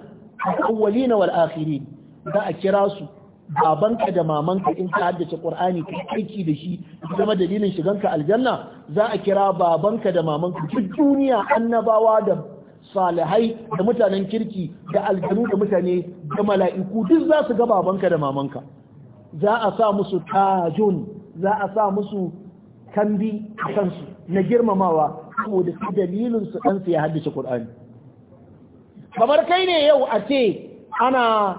al-awwalina wal akhirin za a kira su babanka da mamanka in ka haddace qur'ani kai aiki da shi zama dalilin shiganka aljanna za a kira babanka da mamanka duk duniya annabawa da salihai da mutanen kirki da aljanu da mutane da mala'iku duk za su ga babanka da mamanka za a sa musu tajun za a sa musu kambi a kansu na girmamawa saboda su dalilin su ɗansu ya haddace qur'ani kamar kai ne yau a ce ana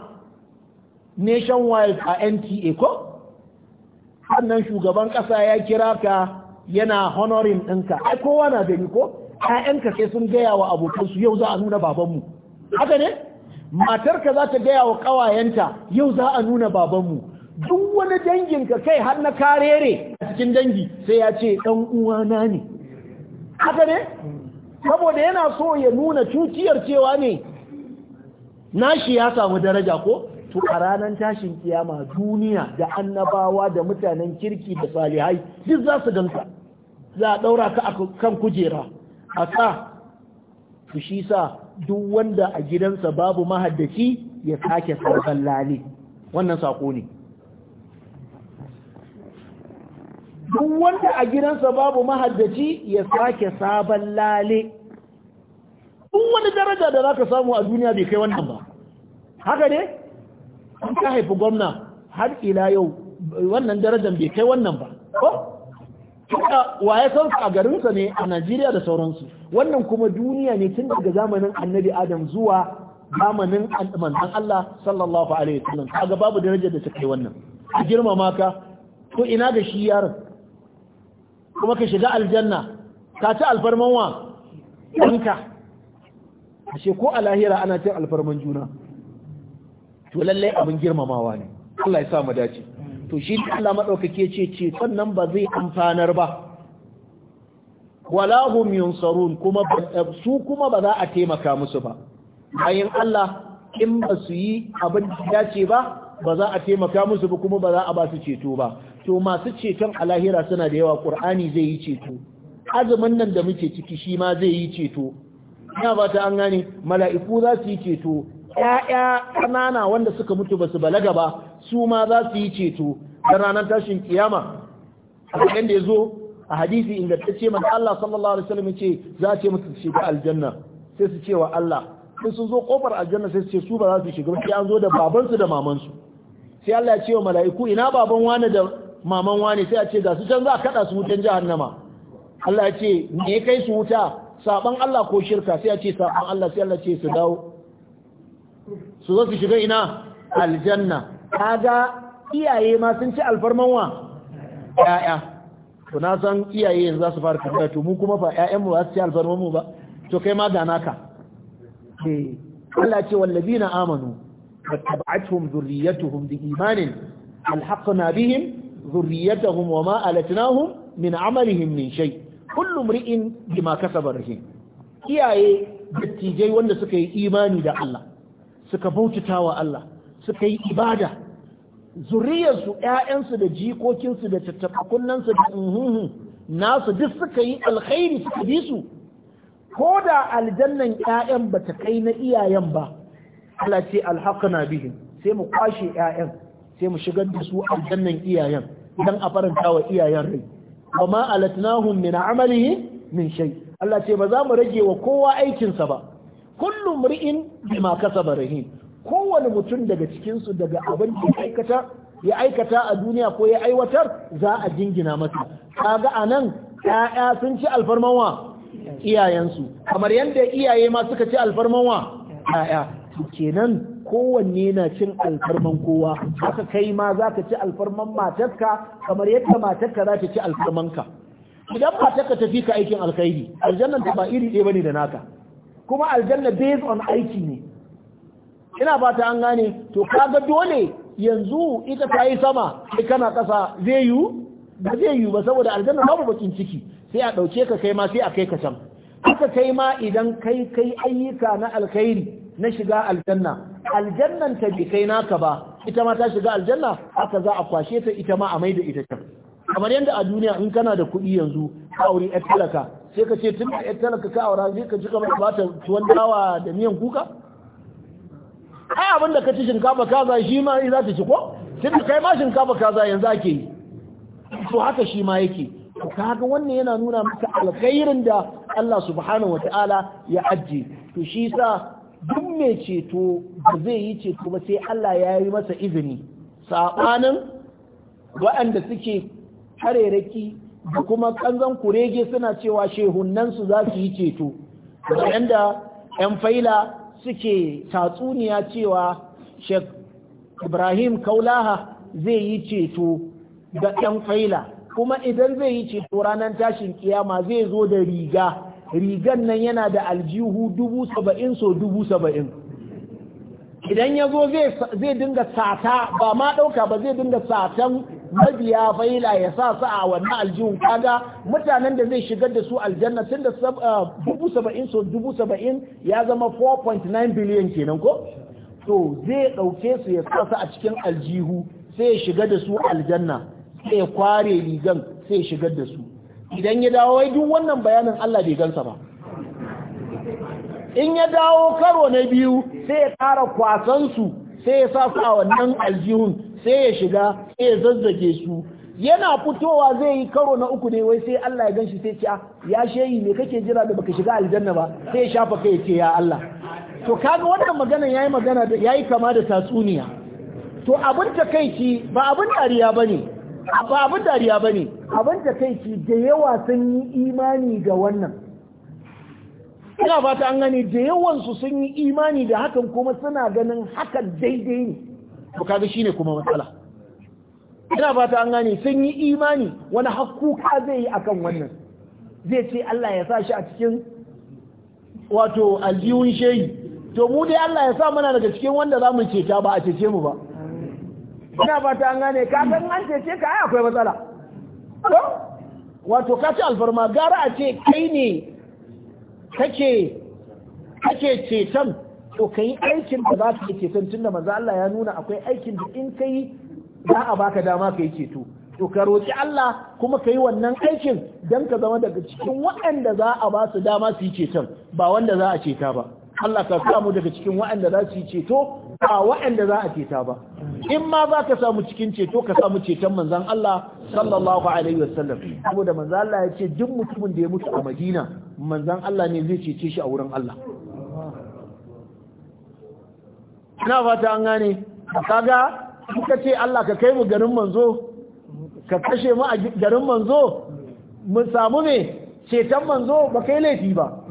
Nation nationwide a nta ko sannan shugaban kasa ya kira ka yana honorin ɗinka ai kowa na gani ko ƴaƴanka sai sun gaya wa abokansu yau za a nuna babanmu haka ne matarka za ta gaya wa ƙawayenta yau za a nuna babanmu duk wani danginka kai har na karere a cikin dangi sai ya ce ɗan uwana ne haka ne saboda yana so ya nuna cutiyar cewa ne nashi ya samu daraja ko to a ranar tashin kiyama duniya da annabawa da mutanen kirki da salihai duk za su ganta za a ɗaura ka kan kujera a sa su shi sa duk wanda a gidansa babu mahaddaci ya sake saukan lale wannan sako ne duk wanda a gidansa babu mahaddaci ya sake sabon lale duk wani daraja da za ka samu a duniya bai kai wannan ba haka ne an ka haifi gwamna har ila yau wannan darajar bai kai wannan ba ko Tuka waye su a garinsa ne a Najeriya da sauransu wannan kuma duniya ne tun daga zamanin annabi Adam zuwa zamanin manzon Allah sallallahu alaihi wasallam kaga babu darajar da ta kai wannan a girmama ka ko ina da shi yaron kuma ka shiga aljanna ka ci alfarman wa ɗanka ashe ko a lahira ana cin alfarman juna to lallai abin girmamawa ne Allah ya sa mu dace to shi Allah madaukake ce ce sannan ba zai amfanar ba wala hum yunsarun kuma su kuma ba za a taimaka musu ba bayan Allah in ba su yi abin da ce ba ba za a taimaka musu ba kuma ba za a ba su ceto ba to masu ceton a lahira suna da yawa qur'ani zai yi ceto azumin nan da muke ciki shi ma zai yi ceto ina ba ta an gane mala'iku za su yi ceto ‘ya'ya ƙanana wanda suka mutu ba su balaga ba su ma za su yi ceto da ranar tashin kiyama da ya zo a hadisi ce mana Allah sallallahu alaihi wasallam ce za a ce musu su shiga aljanna sai su ce wa Allah sai sun zo kofar aljanna sai su ce su ba za su shiga ba sai an zo da babansu da mamansu sai Allah ya ce wa mala'iku ina baban wani da maman wani sai a ce ga su can za a kada su wutan jahannama Allah ya ce me kai su wuta saban Allah ko shirka sai a ce saban Allah sai Allah ce su dawo su zo su shiga ina aljanna kaga iyaye ma sun ci alfarman wa ƴaƴa to na san iyaye yanzu za su fara tafiya to mu kuma fa ƴaƴan mu ba su ci alfarman mu ba to kai ma ga naka eh Allah ce wallazina amanu wattaba'atuhum dhurriyyatuhum biimanin alhaqna bihim dhurriyyatuhum wama alatnahum min amalihim min shay kullu mri'in bima kasaba rahin iyaye dattijai wanda suka yi imani da Allah suka bautata wa Allah suka yi ibada zuriyarsu ƴaƴansu da jikokinsu da tattabakunnansu da unhuhu nasu duk suka yi alkhairi suka bi su ko da aljannan ƴaƴan ba ta kai na iyayen ba Allah ce alhaqna bihim sai mu kwashe ƴaƴan sai mu shigar da su aljannan iyayen dan a faranta wa iyayen rai wa ma alatnahum min amalihi min shay Allah ce ba za mu rage wa kowa aikinsa ba kullu mri'in bima kasaba rahin kowane mutum daga cikin su daga abin da ya aikata ya aikata a duniya ko ya aiwatar za a jingina masa kaga anan ƴaƴa sun ci alfarmawa iyayensu kamar yadda iyaye ma suka ci alfarmawa ƴaƴa kenan kowanne na cin alfarman kowa haka kai ma za ci alfarman matarka kamar yadda matarka za ta ci alfarmanka idan matarka ta fi ka aikin alkhairi aljannan ta ba iri ɗaya bane da naka kuma aljanna based on aiki ne ina ba ta an gane to kaga dole yanzu ita ta yi sama sai kana kasa zai yiwu ba zai yiwu ba saboda aljanna babu bakin ciki sai a ɗauke ka kai ma sai a kai ka can haka kai ma idan kai kai ayyuka na alkhairi na shiga aljanna aljannan ta bi kai naka ba ita ma ta shiga aljanna haka za a kwashe ta ita ma a maida ita can kamar yadda a duniya in kana da kuɗi yanzu ka aure yar talaka sai ka ce tun da ya talaka ka aura zai ka ci kamar ba ta tuwon dawa da miyan kuka ai abin da ka ci shinkafa kaza shi ma za ta ci ko tun da kai ma shinkafa kaza yanzu ake yi to haka shi ma yake to kaga wannan yana nuna maka alkhairin da Allah subhanahu wata'ala ya ajiye to shi sa duk mai ceto ba zai yi ceto ba sai Allah ya yi masa izini saɓanin waɗanda suke raki. da kuma kanzan kurege suna cewa shehunansu za su yi ceto da 'yan faila suke tatsuniya cewa shek ibrahim kaulaha zai yi ceto ga 'yan faila kuma idan zai yi ceto ranar tashin kiyama zai zo da riga rigan nan yana da aljihu dubu saba'in so dubu saba'in idan ya zo zai dinga sata ba ma ɗauka ba zai dinga satan mabiya faila ya sa su a wannan aljihun kaga mutanen da zai shigar da su aljanna tun da uh, dubu saba'in so dubu saba'in ya zama 4.9 biliyan kenan ko to zai ɗauke su ya sa su a cikin aljihu sai ya shiga da su aljanna sai ya kware rigan sai ya shigar da su idan ya dawo wai duk wannan bayanin Allah bai gansa ba in ya dawo karo na biyu sai ya kwasan kwasansu sai ya sa su a wannan aljihun sai ya shiga sai ya zazzage su yana fitowa zai yi karo na uku ne wai sai Allah ya ganshi sai ce ah, ya shehi me kake jira da baka shiga aljanna ba sai ya shafa kai ce ya Allah to kaga wannan magana yayi magana da yayi kama da tatsuniya to abin takeici ba abin dariya bane ba abin dariya bane abin takeici da yawa sun yi imani ga wannan ina fata an gani da yawansu sun yi imani da hakan kuma suna ganin hakan daidai ne to kaga shine kuma matsala ina fata an gane sun yi imani wani hakuka zai yi akan wannan zai ce Allah ya sa shi a cikin wato aljihun shehi to mu dai Allah ya sa muna daga cikin wanda za mu ceta ba a cece mu ba ina fata an gane ka san an cece ka ai akwai matsala wato ka ci alfarma gara a ce kai ne kake kake ceton to yi aikin da za ka yi ceton tunda maza Allah ya nuna akwai aikin da in kai za a baka dama kai ceto to ka roki Allah kuma ka yi wannan aikin dan ka zama daga cikin waɗanda za a ba su dama su yi ceton ba wanda za a ceta ba Allah ka samu daga cikin waɗanda za su yi ceto ba waɗanda za a ceta ba in ma za ka samu cikin ceto ka samu ceton manzon Allah sallallahu alaihi wasallam saboda manzon Allah ya ce duk mutumin da ya mutu a Madina manzon Allah ne zai cece shi a wurin Allah ina fata an gane kaga kuka ce Allah ka kai mu garin manzo ka kashe mu a garin manzo mu samu ne ceton manzo ba kai laifi ba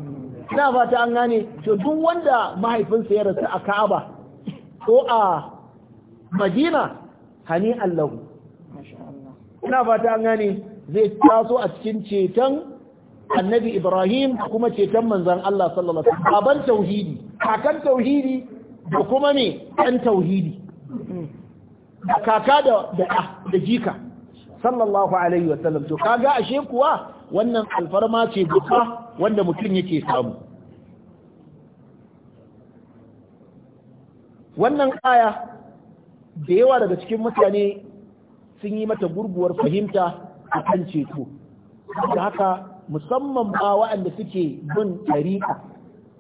ina fata an gane to duk wanda mahaifinsa ya rasu a Ka'aba ko a Madina hani Allah. ina fata an gane zai taso a cikin ceton annabi Ibrahim kuma ceton manzon Allah sallallahu alaihi wasallam baban tauhidi kakan tauhidi da kuma ne ɗan tauhidi da kaka da da jika sallallahu alaihi wasallam to kaga ashe kuwa wannan alfarma ce babba wanda mutum yake samu wannan aya da yawa daga cikin mutane sun yi mata gurguwar fahimta a kan ceto da haka musamman ba waɗanda suke bin ɗariƙa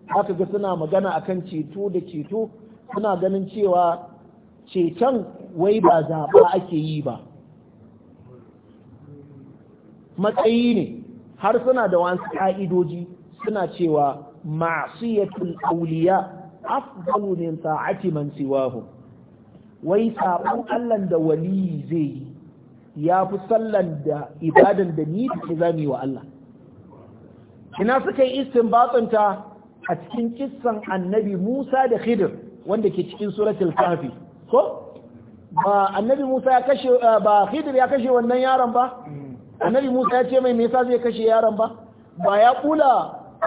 aka ga suna magana akan ceto da ceto suna ganin cewa ceton wai ba zaɓa ake yi ba matsayi ne har suna da wasu ƙa'idoji suna cewa masu ma'asiyatul auliya afdalu min ta'ati man siwahu wai sabon Allah da wali zai yi ya fi sallan da ibadan da ni da zami wa Allah ina suka yi istin batsunta? a cikin kissan annabi Musa da Khidir wanda ke cikin suratul kafi ko ba annabi Musa ya kashe eh, ba Khidir ya kashe wannan yaron ba annabi Musa ya ce mai me yasa zai kashe yaron ba ba ya kula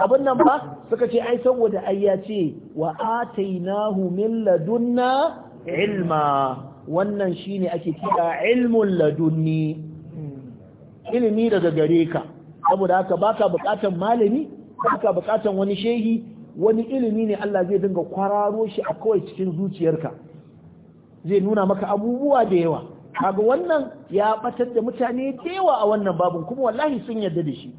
abin nan ba suka ce ai saboda ai ya ce wa atainahu min ladunna ilma wannan shine ake kira ilmun ladunni ilimi daga gare ka saboda haka baka bukatan malami haka bukatan wani shehi wani ilimi ne Allah zai dinga kwararo shi a kawai cikin zuciyarka zai nuna maka abubuwa da yawa kaga wannan ya batar da mutane da yawa a wannan babun kuma wallahi sun yarda da shi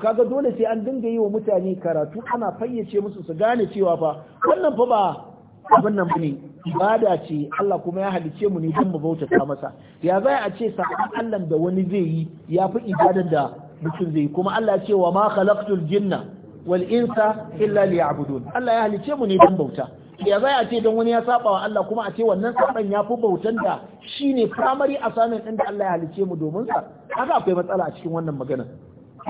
kaga dole sai an dinga yi wa mutane karatu ana fayyace musu su gane cewa fa wannan fa ba abin nan bane ibada ce Allah kuma ya halice mu ne don mu bautata masa ya za a ce sa'an Allah da wani zai yi yafi fi ibadar da mutum zai yi kuma Allah ya ce wa ma khalaqtul jinna wal insa illa liya'budun Allah ya halice mu ne don bauta ya zai a ce don wani ya saba wa Allah kuma a ce wannan saban ya fi bautan da shine primary assignment din da Allah ya halice mu domin sa haka akwai matsala a cikin wannan magana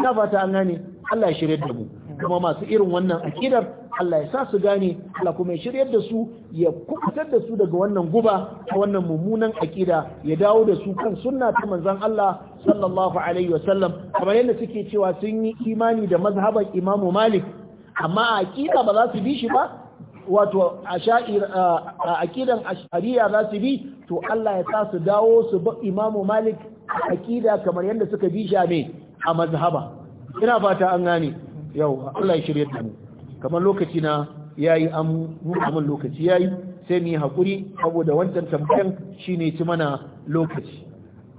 ina fata an gane Allah ya shirye da mu kuma masu irin wannan akidar Allah ya sa su gane Allah kuma ya shiryar da su ya kubutar da su daga wannan guba ta wannan mummunan akida ya dawo da su kan sunna ta manzon Allah sallallahu alaihi wa Sallam. kamar yadda suke cewa sun yi imani da mazhaban Imam Malik amma akida ba za su bi shi ba wato a akidan ashariya za su bi to Allah ya sa su dawo su bi Imam Malik akida kamar yadda suka bi shi a a mazhaba ina fata an gane yau Allah ya shirye da mu kamar lokaci na yayi an nuna min lokaci yayi sai mu yi hakuri saboda wancan tambayan shine ci mana lokaci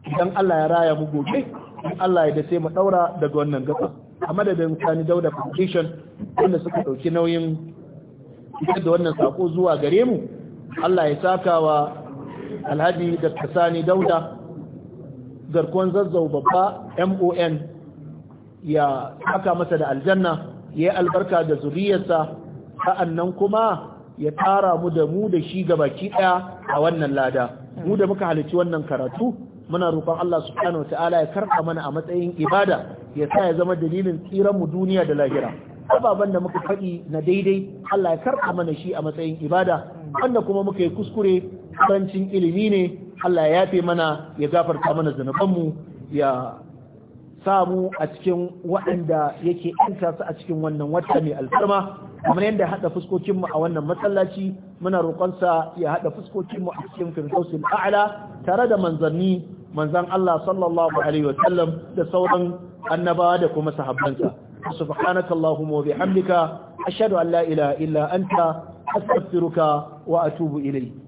idan Allah ya raya mu gobe in Allah ya da mu daura daga wannan gaba a madadin Sani Dauda Foundation wanda suka dauki nauyin fitar da wannan sako zuwa gare mu Allah ya saka wa Alhaji Dr. Sani Dauda garkuwan zazzau babba MON ya haka masa da aljanna ya albarka da zuriyarsa sa'annan kuma ya tara mu da mu da shi baki daya a wannan lada mu da muka halarci wannan karatu muna roƙon Allah subhanahu wataala ya karɓa mana a matsayin ibada ya sa ya zama dalilin tsiran mu duniya da lahira ababan da muka faɗi na daidai Allah ya karɓa mana shi a matsayin ibada wanda kuma muka yi kuskure karancin ilimi ne Allah ya yafe mana ya gafarta mana mu ya samu a cikin waɗanda yake ‘yanta su a cikin wannan wata mai alfarma kamar yadda haɗa fuskokinmu a wannan masallaci muna roƙonsa ya haɗa fuskokinmu a cikin firdausul a'la tare da manzanni manzan Allah sallallahu alaihi wa sallam da sauran annabawa da kuma sahabbansa subhanaka allahumma wa bihamdika ashhadu an la ilaha illa anta astaghfiruka wa atubu ilayk